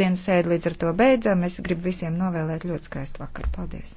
Dienas sēdi līdz ar to beidzam. Es gribu visiem novēlēt ļoti skaistu vakaru. Paldies!